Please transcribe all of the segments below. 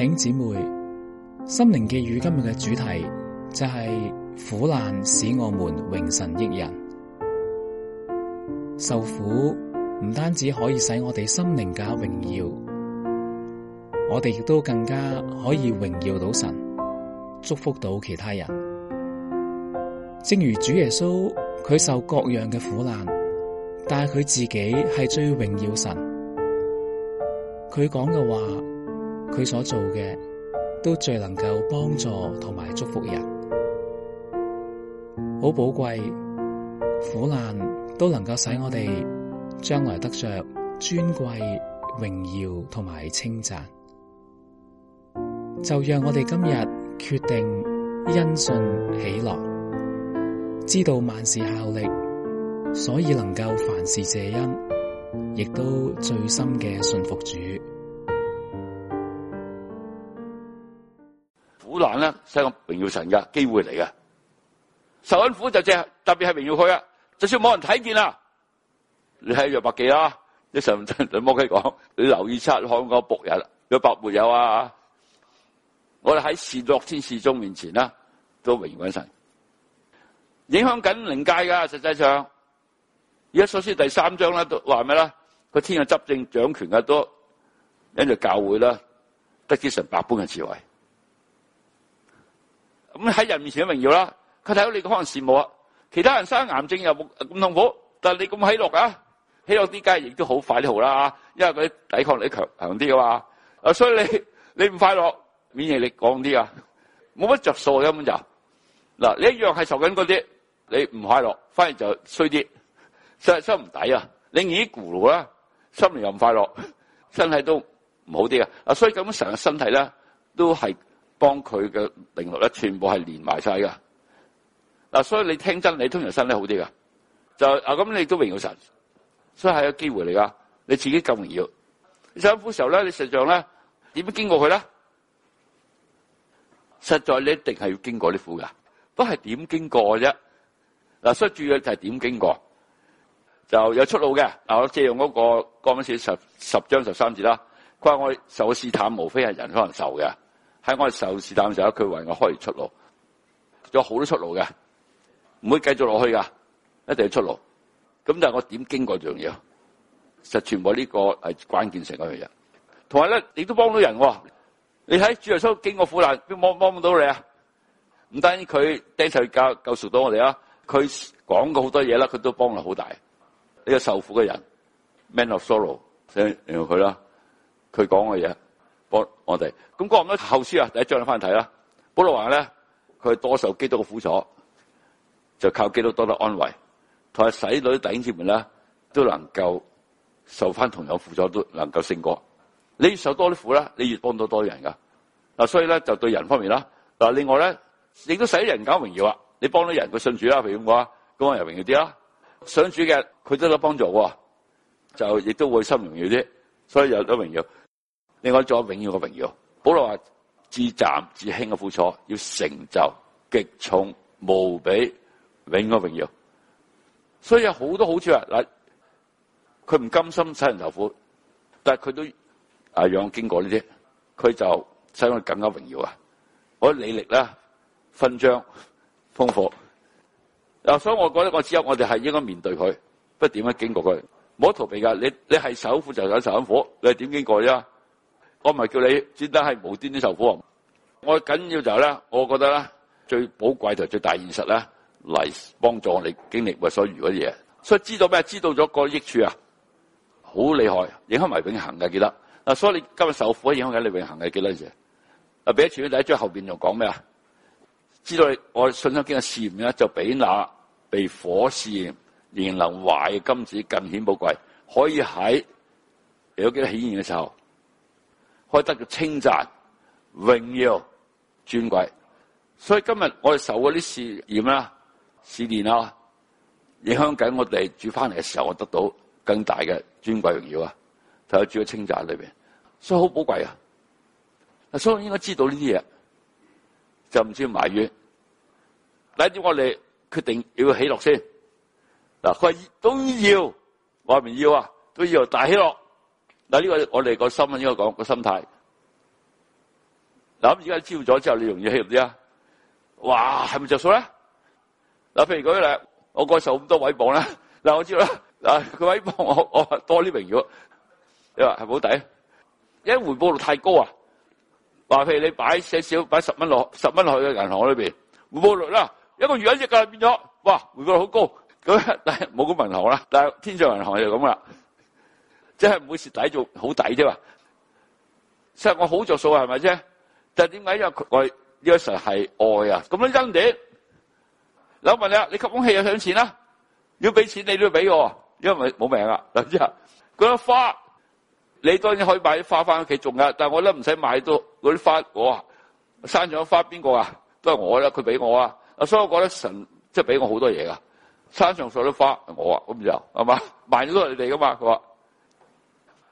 弟兄姊妹，心靈寄語今日嘅主題就係、是、苦難使我們榮神益人。受苦唔單止可以使我哋心靈嘅榮耀，我哋亦都更加可以榮耀到神，祝福到其他人。正如主耶穌佢受各樣嘅苦難，但係佢自己係最榮耀神。佢講嘅話。佢所做嘅，都最能夠幫助同埋祝福人，好寶貴。苦難都能夠使我哋將來得着尊貴、榮耀同埋稱讚。就讓我哋今日決定因信喜樂，知道萬事效力，所以能夠凡事謝恩，亦都最深嘅信服主。好難啦，使個榮耀神嘅機會嚟嘅，受辛苦就即係特別係榮耀佢啊！就算冇人睇見啦，你喺約伯記啦，一神真，你冇 k e 講，你留意察看嗰僕人約伯沒有啊？我哋喺善惡天使中面前啦，都榮耀神，影響緊靈界噶。實際上，而家弗所書第三章啦，都話咩啦？個天啊，執政掌權嘅都因住教會啦，得知神百般嘅智慧。咁喺人面前嘅榮耀啦，佢睇到你可能羨慕啊。其他人生癌症又冇咁痛苦？但係你咁喜樂啊，喜樂啲梗係亦都好快啲好啦。因為佢抵抗力強啲㗎嘛。啊，所以你你唔快樂，免疫力降啲啊，冇乜着數嘅根本就。嗱，你一樣係受緊嗰啲，你唔快樂反而就衰啲，真真唔抵啊！你已經咕嚕啦，心靈又唔快樂，身體都唔好啲嘅。啊，所以咁樣成個身體咧都係。幫佢嘅靈力咧，全部係連埋晒噶。嗱、啊，所以你聽真你通常身體好啲噶。就啊，咁你都榮耀神，所以係有機會嚟噶。你自己夠榮耀，你受苦時候咧，你實上咧點樣經過佢咧？實在你一定係要經過啲苦噶，都係點經過啫。嗱、啊，所以主要就係點經過，就有出路嘅。嗱、啊，我借用我、那個《哥林多前書》十十章十三節啦，佢話我受試探，無非係人可能受嘅。喺我哋受試探嘅時候，佢為我開完出路，有好多出路嘅，唔會繼續落去噶，一定要出路。咁就我點經過重要嘢，實全部呢個係關鍵性嘅樣嘢。同埋咧，你都幫到人，哦。你喺主耶穌經過苦難，幫幫唔到你啊？唔單止佢釘十字架，救贖到我哋啊，佢講過好多嘢啦，佢都幫到好大。呢、這個受苦嘅人 Man of Sorrow，形容佢啦，佢講嘅嘢。幫我哋，咁講哥林多後書啊，第一章你翻去睇啦。保羅話咧，佢多受基督嘅苦楚，就靠基督多得安慰，同埋使女弟兄們咧都能夠受翻同樣苦楚，都能夠勝過。你受多啲苦啦，你越幫到多人噶，嗱，所以咧就對人方面啦。嗱，另外咧，亦都使人搞榮耀啊。你幫到人，佢信主啦，譬如我話，咁我又榮耀啲啦。想主嘅佢都有幫助，就亦都會心榮耀啲，所以有得榮耀。另外做永遠嘅榮耀，保羅話自站自輕嘅苦楚，要成就極重無比永嘅榮耀，所以有好多好處啊！嗱，佢唔甘心使人受苦，但係佢都啊，讓經過呢啲，佢就使到更加榮耀啊！我嘅履歷咧，勳章豐富，所以我覺得我只有我哋係應該面對佢，不點樣經過佢，冇逃避噶，你你係首富就有受辛苦，你係點經過啫？我唔係叫你專登係無端端受苦，我緊要就係咧，我覺得咧最寶貴同最大現實咧嚟幫助我哋經歷為所遇嗰啲嘢，所以知道咩？知道咗個益處啊，好厲害，影響埋永恆嘅記得。所以你今日受苦，影響緊你永恆嘅記得住。啊，俾一次第一章後面仲講咩啊？知道你我信心經嘅試驗咧，就比那被火試驗、仍然能壞嘅金子更顯寶貴，可以喺有幾多顯現嘅時候，可以得稱讚、榮耀、尊貴，所以今日我哋受嗰啲試驗啦、試煉啦，影響緊我哋主返嚟嘅時候，我得到更大嘅尊貴榮耀啊！就喺主喺稱讚裏邊，所以好寶貴啊！所以應該知道呢啲嘢，就唔至於埋怨。帶領我哋決定要喜樂先，嗱，佢都要，話唔要啊，都要大喜樂。嗱呢個我哋個心咧應該講個心態，嗱咁而家朝咗之後你容易起啲起啊？哇，係咪着數咧？嗱，譬如嗰啲嚟，我過受咁多位保啦，嗱我知道啦，嗱佢位保我我多啲榮耀，你話係冇好抵？因為回報率太高啊！話譬如你擺少少，擺十蚊落十蚊落去銀行裏邊，回報率啦，一個月一息價變咗，哇，回報率好高，咁但係冇咁銀行啦，但係天上銀行就咁啦。即係唔會蝕底，做好抵啫嘛。即係我好着數啊，係咪啫？但係點解為，因為，因為愛？呢個神係愛啊。咁樣恩典，我問你啊，你吸空氣又想錢啦，啊？要俾錢你都要俾我，因為冇命啊。嗱，即係嗰啲花，你當然可以買啲花翻屋企種㗎，但係我咧唔使買到嗰啲花，我山上花邊個啊？都係我啦，佢俾我啊。所以我覺得神即係俾我好多嘢㗎。山上所有啲花我啊，咁就係嘛，賣咗都係你哋噶嘛，佢話。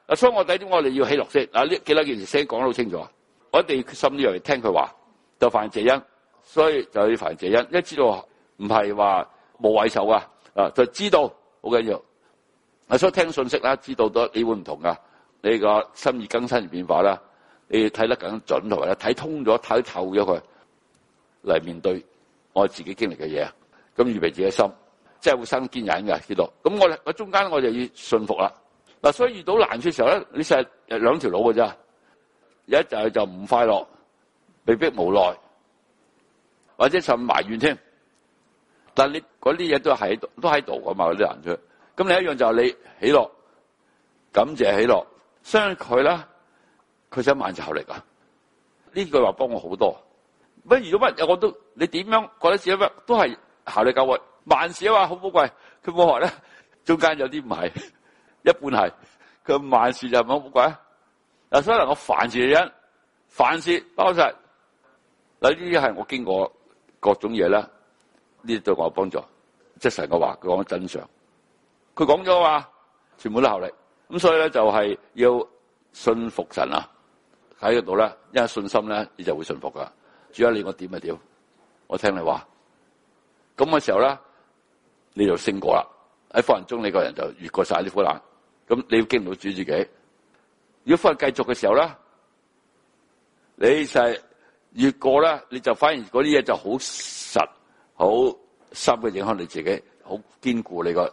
啊！所以我睇端我哋要起落聲，嗱呢幾多件事先講得好清楚，我哋心又嚟聽佢話，就犯謝恩，所以就要犯謝恩。一知道唔係話冇畏愁啊，啊就知道好緊要。啊，所以聽信息啦，知道都你會唔同噶，你個心意更新而變化啦，你要睇得更準同埋咧，睇通咗睇透咗佢嚟面對我自己經歷嘅嘢，咁預備自己心，真係會生堅忍㗎。知道。咁我哋我中間我就要信服啦。所以遇到難處嘅時候咧，你成日兩條路嘅啫，一就係就唔快樂，被迫無奈，或者甚至埋怨添。但係你嗰啲嘢都喺度，都喺度啊嘛，嗰啲難處。咁另一樣就係你喜樂，感謝喜樂，相信佢啦，佢有萬事效力啊！呢句話幫我好多。乜如果乜我都你點樣覺得自己乜都係效力夠喎？萬事話好寶貴，佢冇學咧，中間有啲唔係。一般係佢萬事就冇好鬼，嗱所以我凡事嘅人，凡事包晒嗱，呢啲係我經過各種嘢啦，呢啲對我有幫助，即係神嘅話，佢講真相，佢講咗話，全部都效力，咁所以咧就係要信服神啊，喺嗰度咧，因為信心咧，你就會信服噶，主要你我點就點，我聽你話，咁嘅時候咧，你就勝過啦，喺福音中你個人就越過晒啲苦難。咁你要經唔到主自己，如果返去繼續嘅時候咧，你就係越過咧，你就反而嗰啲嘢就好實好深嘅影響你自己，好堅固你個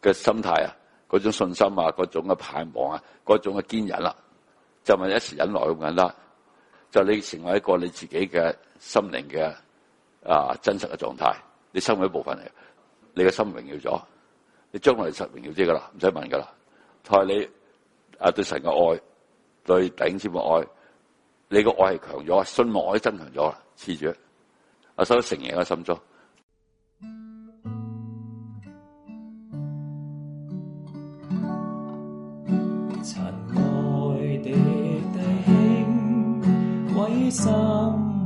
嘅心態啊，嗰種信心啊，嗰種嘅盼望啊，嗰種嘅堅忍啦，就唔係一時忍耐咁引啦，就是、你成為一個你自己嘅心靈嘅啊真實嘅狀態，你生活一部分嚟，你嘅心榮耀咗，你將來實榮耀啲噶啦，唔使問噶啦。太係你啊！對神嘅愛，對頂尖嘅愛，你個愛係強咗，信望愛真強咗啦，黐住，我收到成嘢我心中。親愛的弟兄，為什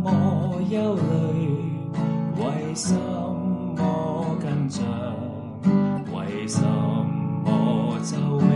麼憂慮？為什麼緊張？為什麼皺眉？